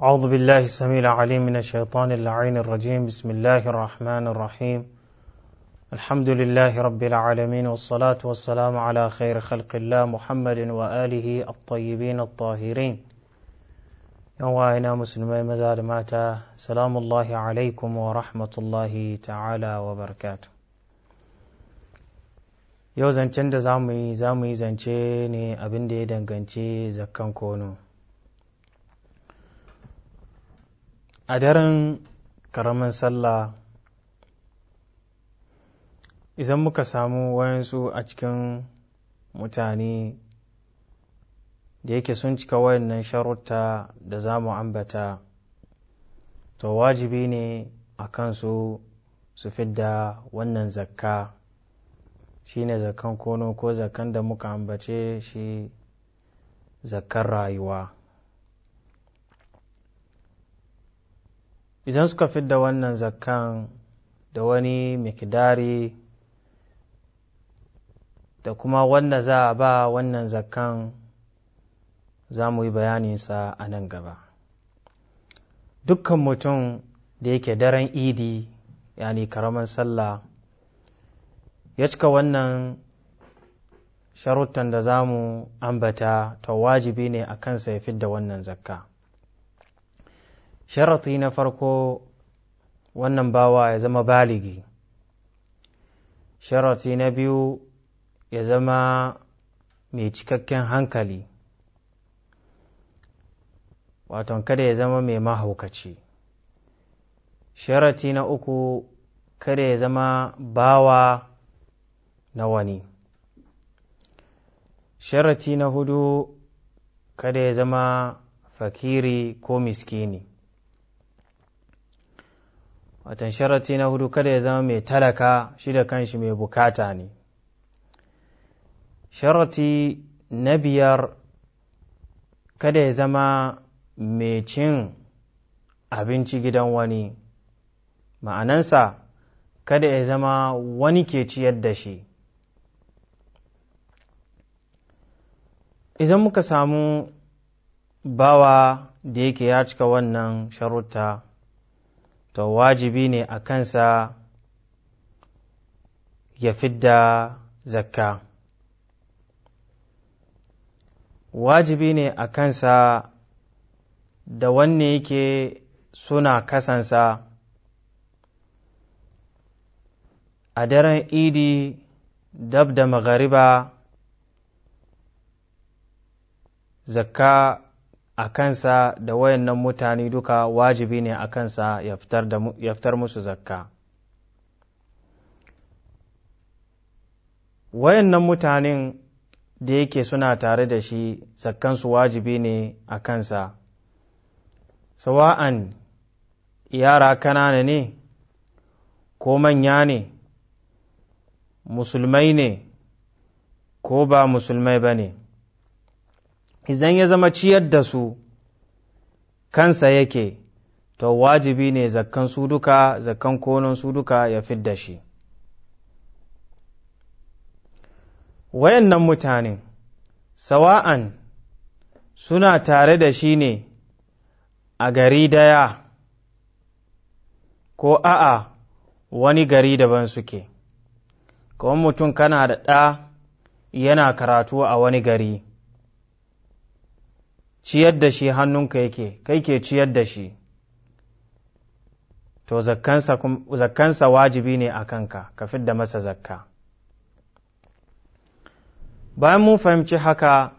أعوذ بالله السميع العليم من الشيطان اللعين الرجيم بسم الله الرحمن الرحيم الحمد لله رب العالمين والصلاة والسلام على خير خلق الله محمد وآله الطيبين الطاهرين يوانا مسلمين مزاد ماتا سلام الله عليكم ورحمة الله تعالى وبركاته يوزن چند زامي زامي زنچيني أبندي دنگنچي mu a daren ƙaramin sallah idan muka samu wayansu a cikin mutane da yake sun cika wayannan sharuta da za mu ambata to wajibi ne a kansu su fidda wannan zakka shine zakkan kono ko zakkan da muka ambace shi zakkan rayuwa idan suka fidda wannan zakkan da wani mikidari da kuma wanda za a ba wannan zakkan za mu yi bayaninsa a nan gaba dukkan mutum da yake daren idi yani karaman sallah ya cika wannan sharuttan da za mu ambata ta wajibi ne a kansa ya fidda wannan zakka sharati na farko wannan bawa ya zama baligi sharati na biyu ya zama mai cikakken hankali waton kada ya zama mai mahaukaci sharati na uku kada ya zama bawa na wani sharati na hudu kada ya zama fakiri ko miskini watan sharati na hudu kada ya zama mai talaka shi da kanshi mai bukata ne sharati na biyar kada ya zama mai cin abinci gidan wani ma'anansa kada ya zama wani ke ciyar da shi idan muka samu bawa da yake ya cika wannan sharuta to wajibi ne a kansa ya fidda zakka wajibi ne a kansa da wanne yake suna kasansa a daren idi dab da magariba zakka a kansa da wayannan mutane duka wajibi ne a kansa ya fitar musu zakka wayannan mutanen da yake suna tare da shi zakkansu wajibi ne a kansa sawa'an yara kanana ne ko manya ne musulmai ne ko ba musulmai ba ne idan ya zama ciyar da su kansa yake to wajibi ne zakkan su duka zakkan konon su duka ya fidda shi wayannan mutane sawa'an suna tare da shi ne a gari daya ko a'a wani gari daban suke kawai mutum kana da ɗa yana karatu a wani gari ciyar da shi hannunka yake kai ke ciyar da shi to zakkansa wajibi ne a kanka ka fidda masa zakka bayan mun fahimci haka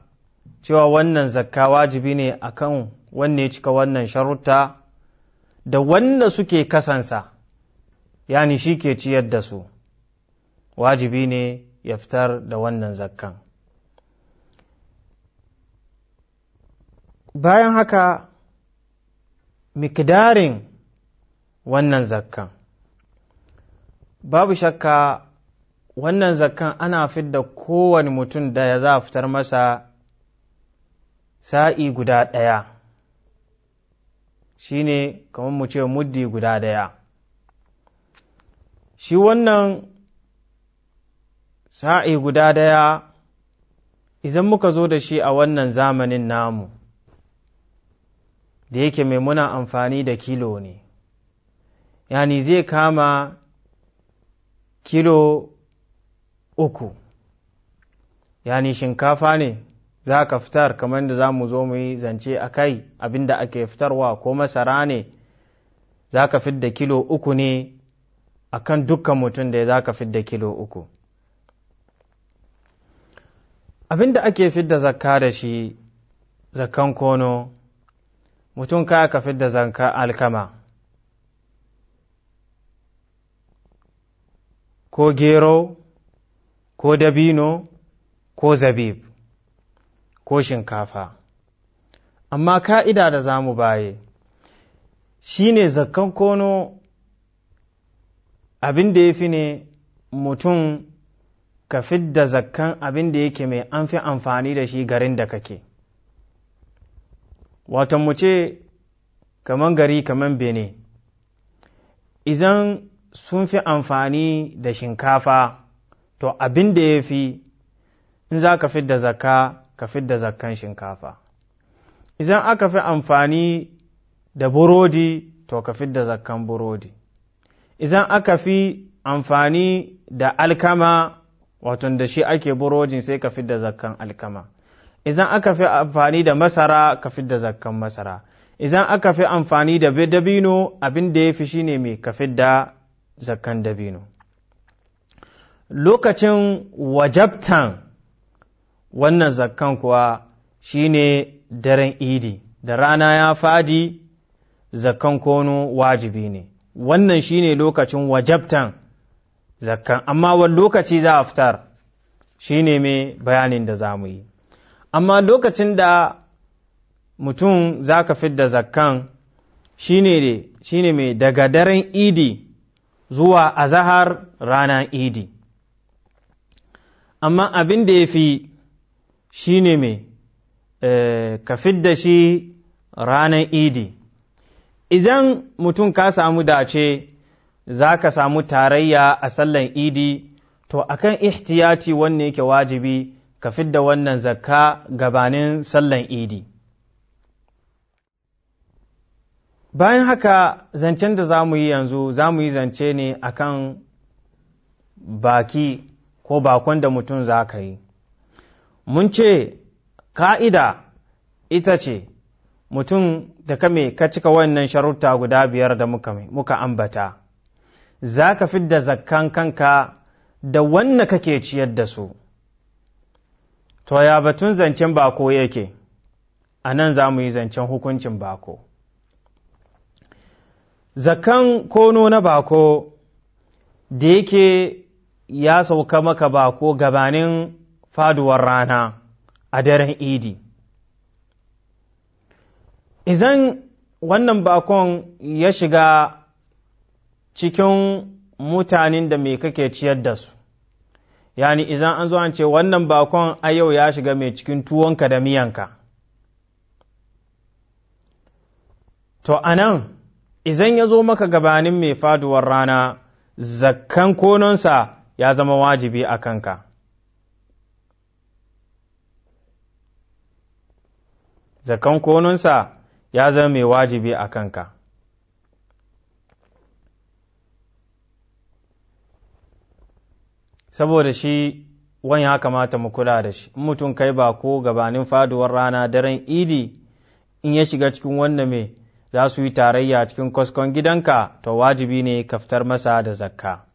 cewa wannan zakka wajibi ne a kan wanne cika wannan sharuta da wanda suke kasansa yani shi ke ciyar da su wajibi ne ya fitar da wannan zakkan bayan haka mikdarin wannan zakkan babu shakka wannan zakkan ana fidda kowane mutum da ya za a fitar masa sa'i guda ɗaya shi ne kamar mu ce muddi guda ɗaya shi wannan sa'i guda ɗaya idan muka zo da shi a wannan zamanin namu da yake mai muna amfani da kilo ne yani zai kama kilo uku yani shinkafa ne za ka fitar kamar da za mu zo mu yi zance a kai abin da ake fitarwa ko masara ne za ka da kilo uku ne a kan dukkan mutum da za ka da kilo uku abin da ake fidda zakka da shi zakkan kono mutum ka ka fidda zanka alkama ko gero ko dabino ko zabib ko shinkafa amma ka'ida da za mu baye shi ne zakkan kono abin da ya fi ne mutum ka fidda zakkan abin da yake mai an fi amfani da shi garin da kake wato mu ce kaman gari kaman bene idan sun fi amfani da shinkafa to abin da ya fi in za ka fidda zakka ka fidda zakkan shinkafa idan aka fi amfani da burodi to ka fidda zakkan burodi idan aka fi amfani da alkama wato da shi ake burodin sai ka fidda zakkan alkama idan aka fi amfani da masara ka fi da zakkan masara idan aka fi amfani da dabino abin da ya fi shine mai ka da zakkan dabino lokacin wajabtan wannan zakkan kuwa shine daren idi da rana ya fadi zakkan kono wajibi ne wannan shine lokacin wajabtan zakkan amma wani lokaci za a fitar shine mai bayanin da za mu yi amma lokacin da mutum za ka fidda zakkan shi ne mai daga daren idi zuwa azahar ranar idi amma abin da ya fi shi ne mai eh, ka fidda shi ranar idi idan mutum ka samu dace za ka samu tarayya a sallan idi to akan ihtiyati wanne yake wajibi ka fidda wannan zakka gabanin sallan idi bayan haka zancen da za mu yi yanzu za mu yi zance ne a kan baki ko bakon da mutum za ka yi mun ce ka'ida ita ce mutum da ka ka cika wannan sharuta guda biyar da muka, muka ambata za ka fidda zakkan kanka da wannan kake ciyar da su to ya batun zancen bako yake a nan za mu yi zancen hukuncin bako zakan kono na bako da yake ya sauka maka bako gabanin faduwar rana a daren idi izan wannan bakon ya shiga cikin mutanen da me kake ciyar da su yani idan an zo an ce wannan bakon a yau ya shiga mai cikin tuwonka da miyanka to anan nan izan ya zo maka gabanin mai faduwar rana zakkan kononsa ya zama wajibi a kanka zakkan kononsa ya zama mai wajibi a kanka saboda shi wani ya kamata mu kula da shi in mutum kai ba ko gabanin faduwar rana daren idi in ya shiga cikin wanda mai za su yi tarayya cikin kwaskon gidanka to wajibi ne kaftar masa da zakka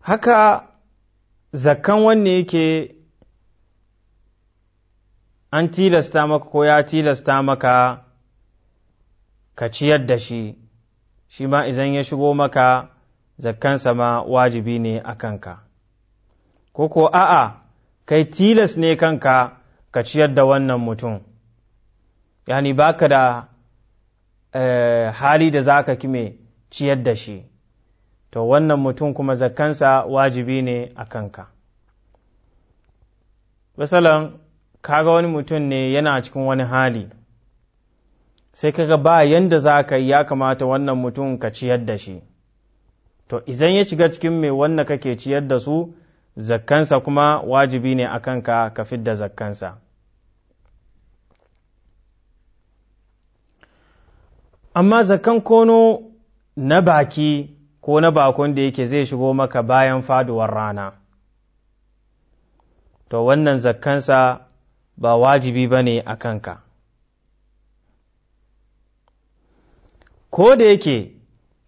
haka zakkan wanne yake an tilasta maka ko ya tilasta maka ka ciyar da shi shi ma izan ya shigo maka zakkansa ma wajibi ne a kanka ko ko a'a kai tilas ne kanka ka ciyar da wannan mutum yani ka da eh, hali da za ka kime ciyar da shi to wannan mutum kuma zakkansa wajibi ne a kanka misalan kaga wani mutum ne yana cikin wani hali sai kaga ba yanda za ka yi ya kamata wannan mutum ka ciyar da shi to idan ya shiga cikin mai wanda kake ciyar da su zakkansa kuma wajibi ne a kanka ka fidda zakkansa amma zakkan kono na baki ko na bakon da yake zai shigo maka bayan faduwar rana to wannan zakkansa ba wajibi ba ne a kanka ko da yake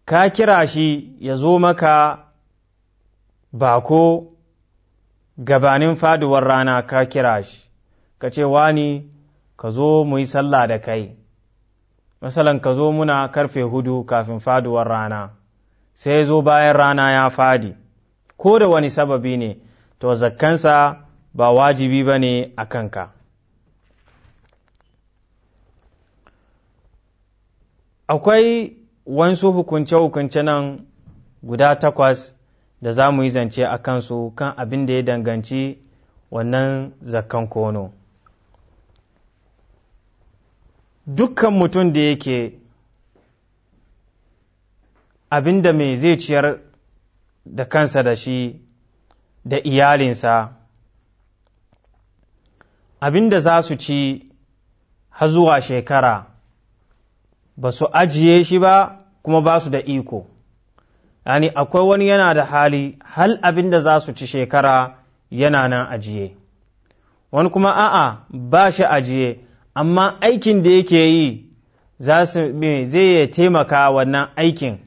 ka kira shi ya zo maka bako gabanin faduwar rana ka kira shi ka ce wani ka zo mu yi sallah da kai masalan ka zo muna karfe hudu kafin faduwar rana sai zo bayan rana ya fadi ko da wani sababi ne to zakkansa ba wajibi ba ne a kanka akwai wansu hukunce-hukunce nan guda takwas da za mu yi zance a kansu kan abin da ya danganci wannan zakan kono dukkan mutum da yake abin da mai zai ciyar da kansa da shi da iyalinsa abin da za su ci har zuwa shekara ba su ajiye shi ba kuma ba su da iko yani akwai wani yana da hali hal abin da za su ci shekara yana nan ajiye wani kuma a'a ba shi ajiye amma aikin da yake yi zai taimaka wannan aikin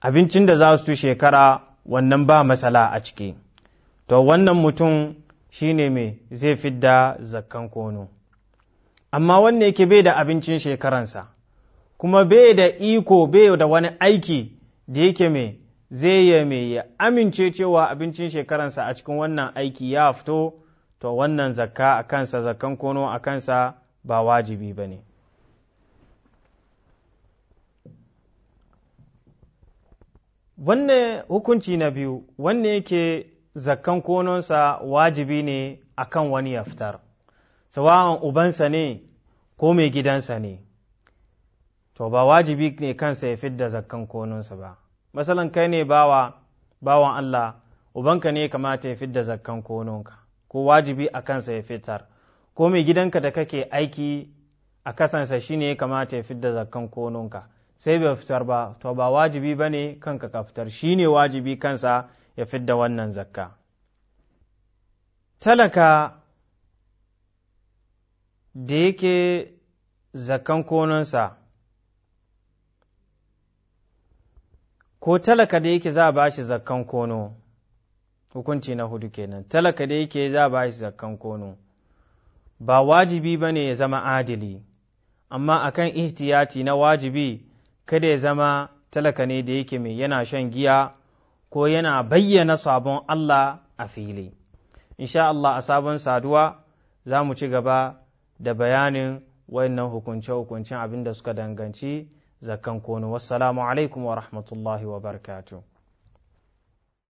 abincin da za su ci shekara wannan ba matsala a ciki to wannan mutum shine mai zai fidda zakkan kono amma wanne yake bai da abincin shekaransa kuma bai da iko bai da wani aiki da yake mai zai ya mai ya amince cewa abincin shekaransa a cikin wannan aiki ya fito to wannan zakka a kansa zakkan kono a kansa ba wajibi ba ne wannan hukunci na biyu wanne yake zakkan kononsa wajibi ne akan wani ya fitar sawa'an ubansa ne ko mai gidansa ne to ba wajibi ne kansa ya fidda zakkan konunsa ba masalan kai ne bawa bawan Allah ubanka ne kamata ya fidda zakkan konunka ko wajibi a kansa ya fitar ko mai gidanka da kake aiki a kasansa shi ne kamata ya fidda zakkan konunka sai bai fitar ba to ba wajibi ba ne kanka ka fitar shi ne wajibi kansa ya fidda wannan zakka talaka da yake zakan kononsa ko talaka da yake za a bashi zakan kono hukunci na hudu kenan talaka da yake za a bashi zakan kono ba wajibi ba ne ya zama adili amma akan ihtiyati na wajibi kada ya zama talaka ne da yake mai yana shan giya ko yana bayyana sabon Allah a fili insha Allah a sabon saduwa za mu ci gaba da bayanin wayannan hukunce-hukuncen abin da suka danganci zakan konu wassalamu alaikum wa rahmatullahi wa barakatuh